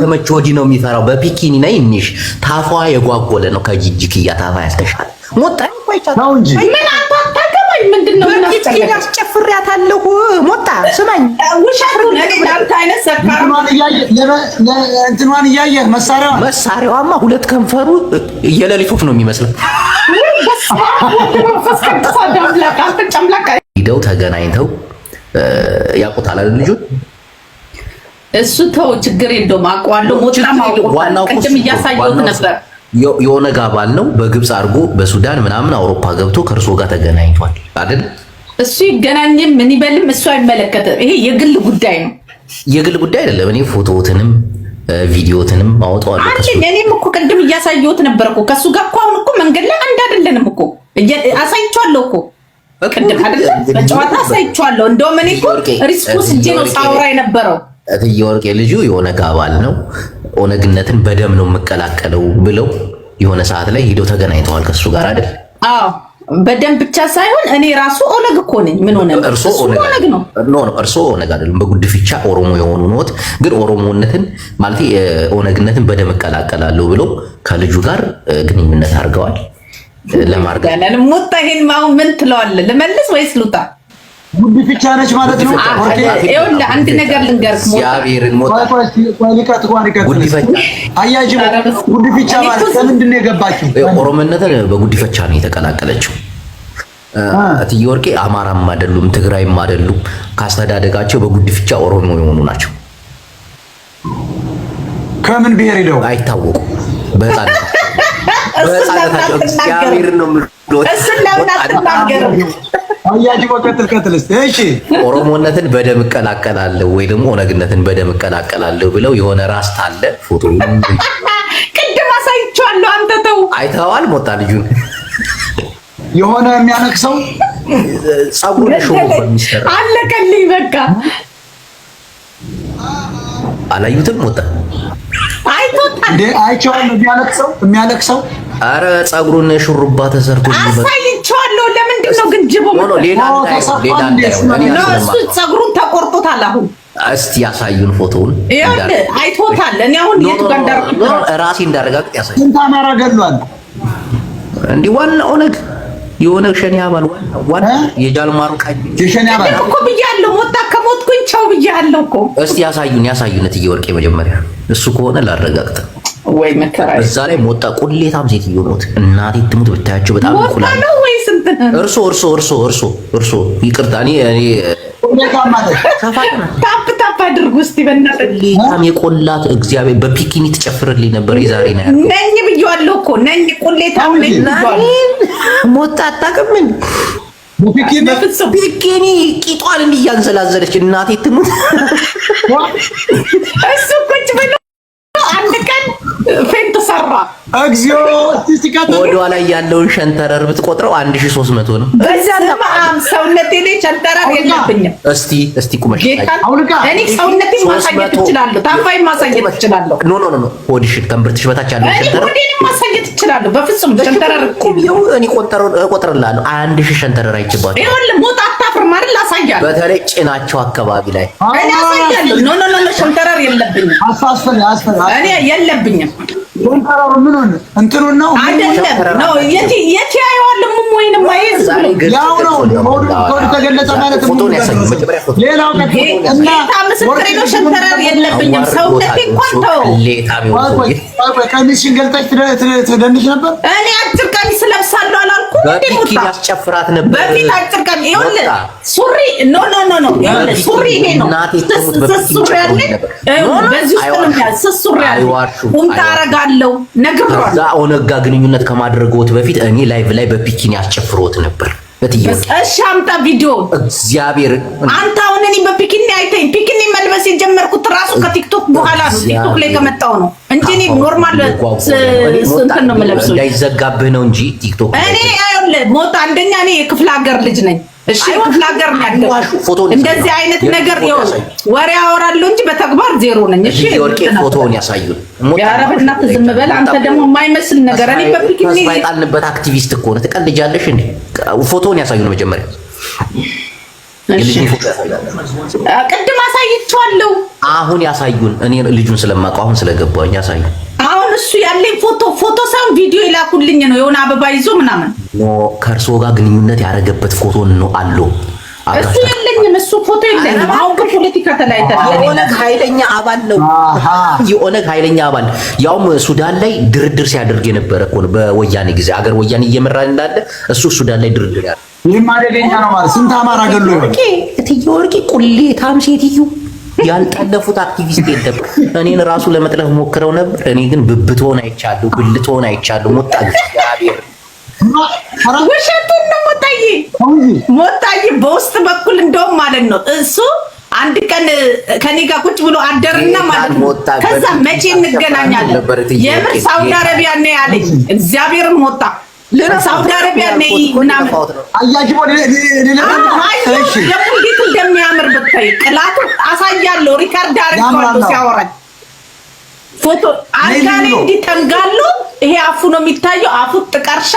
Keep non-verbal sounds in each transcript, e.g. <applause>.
ከመቼ ወዲህ ነው የሚፈራው? በፒኪኒ ነይ እንሽ ታፏ የጓጎለ ነው። ከጂጂክያ ታፋ ያልተሻለ ሞጣ ነው እንጂ ጨፍሬያታለሁ። ሞጣ ስማኝ፣ እንትኗን እያየህ መሳሪያዋ መሳሪያዋማ ሁለት ከንፈሩ የሌሊት ወፍ ነው የሚመስለው። ሂደው ተገናኝተው ያውቁታል አይደል? ልጁን እሱ ተው፣ ችግር የለውም አውቀዋለሁ። ሞጣም አውቀዋለሁ። ቅድም እያሳየሁት ነበር። የኦነግ አባል ነው። በግብፅ አድርጎ በሱዳን ምናምን አውሮፓ ገብቶ ከእርሶ ጋር ተገናኝቷል አይደል? እሱ ይገናኝም ምን ይበልም እሱ አይመለከትም። ይሄ የግል ጉዳይ ነው። የግል ጉዳይ አይደለም። እኔ ፎቶትንም ቪዲዮትንም አወጣዋለሁ። እኔም እኮ ቅድም እያሳየሁት ነበር እኮ ከእሱ ጋር እኮ አሁን እኮ መንገድ ላይ አንድ አይደለንም እኮ አሳይቼዋለሁ እኮ ቅድም በጨዋታ እንደውም እኔ እኮ ነው ሳውራ የነበረው። እትዬ ወርቄ ልጁ የኦነግ አባል ነው፣ ኦነግነትን በደም ነው የምቀላቀለው ብለው የሆነ ሰዓት ላይ ሂደው ተገናኝተዋል ከሱ ጋር አይደል? አዎ በደም ብቻ ሳይሆን እኔ ራሱ ኦነግ እኮ ነኝ። ምን ሆነ? ኦነግ ነው። ኖ ኦነግ አይደለም፣ በጉድፍቻ ኦሮሞ የሆኑ ኖት። ግን ኦሮሞነትን ማለት ኦነግነትን በደም እቀላቀላለሁ ብለው ከልጁ ጋር ግንኙነት አድርገዋል። ለማድረግ ሙጣ ይሄን አሁን ምን ትለዋለህ? ልመልስ ወይስ ሉጣ? ጉድ ነች ማለት ነው። ይኸውልህ አንድ ነገር ልንገርህ፣ ማለት ከምንድን ነው የገባችው? ነው የተቀላቀለችው። እትዬ ወርቄ አማራም አይደሉም፣ ትግራይም አይደሉም። ካስተዳደጋቸው በጉድፍቻ ኦሮሞ የሆኑ ናቸው። ከምን ብሔር ሄደው አይታወቁም ኦሮሞነትን በደም እቀላቀላለሁ ወይ ደግሞ ኦነግነትን በደም እቀላቀላለሁ ብለው የሆነ ራስ ታለ ፎቶ <laughs> ቅድም አሳይቼዋለሁ። አንተ ተው አይተኸዋል። ሞጣ ልጁን የሆነ የሚያነቅሰው ጸጉር ሾ አለቀልኝ። በቃ አላዩትም። ሞጣ አይቶታል። አይቼዋለሁ። የሚያነቅሰው የሚያነቅሰው አረ ፀጉሩን ሹሩባ ተሰርቶ አሳይቼዋለሁ። ለምንድን ነው ግን ጅቦ ሌላ ፀጉሩን ተቆርጦታል። አሁን እስቲ ያሳዩን ፎቶውን። አይቶታል። እኔ አሁን የቱ ጋር ራሴ እንዳረጋግጥ ያሳዩ። አማራ ገሏል። እንዲህ ዋና ኦነግ የሆነ ሸኔ አባል ዋና የጃልማሩ ቀኝ የሸኔ አባል እኮ ብያለሁ። ሞታ ከሞትኩኝ ቻው ብያለሁ እኮ። እስቲ ያሳዩን፣ ያሳዩን እትዬ ወርቄ መጀመሪያ እሱ ከሆነ ላረጋግጥ ወይ መከራ እዛ ላይ ሞጣ ቁሌታም ሴትዮ ሞት እናቴ ትሙት ብታያቸው በጣም ቁላ እርሶ እርሶ እርሶ እርሶ እርሶ ይቅርታ፣ እኔ እኔ ታፕ ታፕ አድርጉ እስቲ በእናትህ የቆላት እግዚአብሔር በፒኪኒ ትጨፍርልኝ ነበር። የዛሬ ነው ያለው ነኝ ብዬዋለሁ እኮ ነኝ ቁሌታም ነኝ ሞጣ አታውቅም። ቢኪኒ ቂጧን እያንዘላዘለች እናቴ ትሙት እሱ ቁጭ ብሎ ተሰራ። እግዚኦ ሲቀጥል ላይ ያለውን ሸንተረር ብትቆጥረው 1300 ነው። በዛም ሰውነቴ ላይ ሸንተረር የለብኝም። እስቲ እስቲ ቁመሽ እኔ ሰውነቴ ማሳየት እችላለሁ። ታፋይ ማሳየት እችላለሁ። ኖ ኖ ኖ ሆድሽን ከእምብርትሽ በታች ያለው ሸንተረር ወዲን ማሳየት እችላለሁ። በፍጹም ሸንተረር ቁም እኔ ቆጠረው አንድ ሺህ ሸንተረር አይችባችሁ ይሁን ሞታ በደንብ ላሳያለሁ። በተለይ ጭናቸው አካባቢ ላይ እኔ አሳያለሁ። ኖ ኖ ኖ ሸንተረር የለብኝም፣ እኔ የለብኝም። ሸንተረሩ ምን ሆነ ነው አይደለም ነው የት የት ያየዋልም ወይንም አይዝ ያው ነው ተገለጸ ማለት ነው። ሌላው እና ምስክሬ ነው። ሸንተረር የለብኝም። ሰውነቴ እንኳን ተው። ቀሚስሽን ገልጠሽ ትደንሽ ነበር እኔ በፒክ ያስጨፍራት ነበር። በፊት አጭር ቀን ይኸውልህ፣ ሱሪ ኖ ኖ ኖ ኖ ይኸውልህ፣ ሱሪ ይሄ ነው። ስስ ሱሪ አለ፣ በዚህ ቁምጣ አደርጋለሁ ነግሯል። ኦነጋ ግንኙነት ከማድረግዎት በፊት እኔ ላይቭ ላይ በፒኪኒ አስጨፍሮት ነበር። በትየሻምጣ ቪዲዮ እግዚአብሔር አንተ አሁን እኔ በፒክኒ አይተኝ ፒክኒ መልበስ የጀመርኩት ራሱ ከቲክቶክ በኋላ ነው። ቲክቶክ ላይ ከመጣው ነው እንጂ እኔ ኖርማል እንትን ነው የምለብሰው እንዳይዘጋብህ ነው እንጂ ቲክቶክ እኔ ሞት አንደኛ እኔ የክፍለ ሀገር ልጅ ነኝ። እሺ ነገር እንደዚህ አይነት ነገር ወሬ አወራለሁ እንጂ በተግባር ዜሮ ነኝ። እሺ ወርቄ ፎቶውን ያሳዩን። ኧረ በእናትህ ዝም በል አንተ። ደግሞ የማይመስል ነገር እኔ በፊት የጣልንበት አክቲቪስት እኮ ነው። ትቀልጃለሽ እንዴ? ፎቶውን ያሳዩን መጀመሪያ። ቅድም አሳይቼዋለሁ። አሁን ያሳዩን። እኔ ልጁን ስለማውቀው አሁን ስለገባኝ ያሳዩን። እሱ ያለኝ ፎቶ ፎቶ ሳይሆን ቪዲዮ ይላኩልኝ ነው የሆነ አበባ ይዞ ምናምን ኖ ከእርሶ ጋር ግንኙነት ያደረገበት ፎቶ ነው አለው። እሱ የለኝም፣ እሱ ፎቶ የለኝም። አሁን ግን ፖለቲካ ተለያይተናል። የኦነግ ኃይለኛ አባል ነው፣ የኦነግ ኃይለኛ አባል ያውም ሱዳን ላይ ድርድር ሲያደርግ የነበረ እኮ ነው። በወያኔ ጊዜ አገር ወያኔ እየመራ እንዳለ እሱ ሱዳን ላይ ድርድር ያ ይህም አደገኛ ነው ማለት ስንት አማራ ገሎ ይሆን እትዬ ወርቄ ቁሌታም ሴትዮ ያልጠለፉት አክቲቪስት የለም። እኔን ራሱ ለመጥለፍ ሞክረው ነበር። እኔ ግን ብብት ብብትሆን አይቻለሁ፣ ሆን አይቻለሁ። ሞጣ ውሸቱን ነው። ሞጣዬ ሞጣዬ በውስጥ በኩል እንደውም ማለት ነው እሱ አንድ ቀን ከኔ ጋር ቁጭ ብሎ አደርና ማለት ነው። ከዛ መቼ እንገናኛለን? የምር ሳውዲ አረቢያ ነው ያለኝ። እግዚአብሔርም ሞጣ ሳውዲ አረቢያ ምናምን እንዴት እንደሚያምር ብታይ ቅላቱ አሳያለሁ። ሪካርድ አደርገዋለሁ ሲያወራኝ ፎቶ አልጋ ላይ እንዲጠንጋሉ ይሄ አፉ ነው የሚታየው። አፉ ጥቀርሻ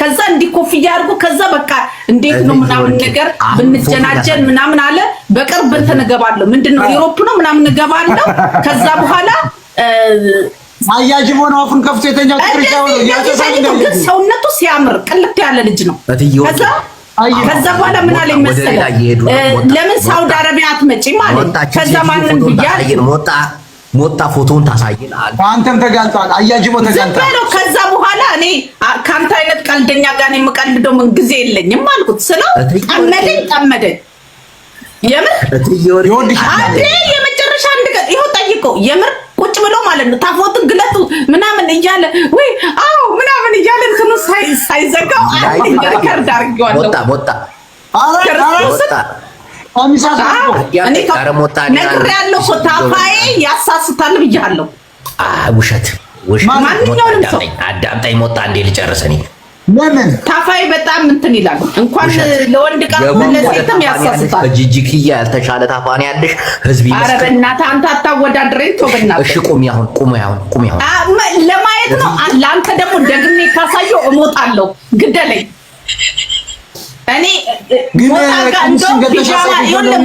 ከዛ ኮፍያ አድርጎ ከዛ በቃ እንዴት ነው ምናምን ነገር ብንጀናጀን ምናምን አለ። በቅርብ እንትን እገባለሁ ምንድን ነው ዩሮፕ ነው ምናምን እገባለሁ ከዛ በኋላ አያጅም ሆነ አፉን ከፍቶ የተኛው ሰውነቱ ሲያምር ቅልት ያለ ልጅ ነው። ከዛ በኋላ ምን አለኝ መሰለህ፣ ለምን ሳውዲ አረቢያ አትመጪም አለኝ። ከዛ ማንም ብያለሁ ሞጣ ሞጣ ፎቶውን ታሳይን አለ። አንተም ተጋልጧል፣ አያጅቦ ተጋልጧል። ከዛ በኋላ እኔ ከአንተ አይነት ቀልደኛ ጋር የምቀልደው ምን ጊዜ የለኝም አልኩት ስለው ጠመደኝ፣ ጠመደኝ። የምር የመጨረሻ አንድ ቀን ይኸው ጠይቀው የምር ብሎ ማለት ነው ታፎትን ግለጡ ምናምን እያለ ወይ አዎ ምናምን እያለ እንትኑ ሳይዘጋው አንድ ሪከርድ አድርጌዋለሁ። ነግሬያለሁ እኮ ታፋዬ ያሳስታል ብያለሁ። ውሸት ውሸት። ማንኛውንም ሰው አዳምጠኝ ሞጣ፣ እንዴ ልጨርስ እኔ ለምን ታፋይ በጣም እንትን ይላል። እንኳን ለወንድ ቃል ለሴትም ያሳስታል። በጂጂክያ ያልተሻለ ታፋ ያለሽ ህዝብ ይመስል። ኧረ በእናትህ አንተ አታወዳድረኝ። ተው በእናትህ። እሺ ቁሚ አሁን ቁሚ አሁን ቁሚ አሁን ለማየት ነው። ለአንተ ደግሞ ደግሜ ካሳየው እሞጣለሁ። ግደለኝ። እኔ ሞታ ጋር እንደውም ቢጃማ ይኸውልህ፣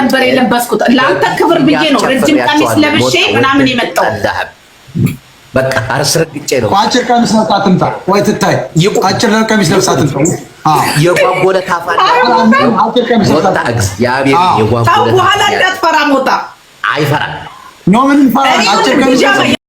ነበር የለበስኩት ለአንተ ክብር ብዬ ነው ረጅም ቀሚስ ለብሼ ምናምን የመጣው በቃ አስረግጬ ነው። አጭር ቀሚስ ለብሳ ትምጣ ወይ ትታይ። አጭር ቀሚስ ለብሳ ትምጣ። የጓጎለ ታፋ እግዚአብሔር የጓጎለ በኋላ እንዳትፈራ ሞታ አይፈራም። ኖ ፈራ አጭር ቀሚስ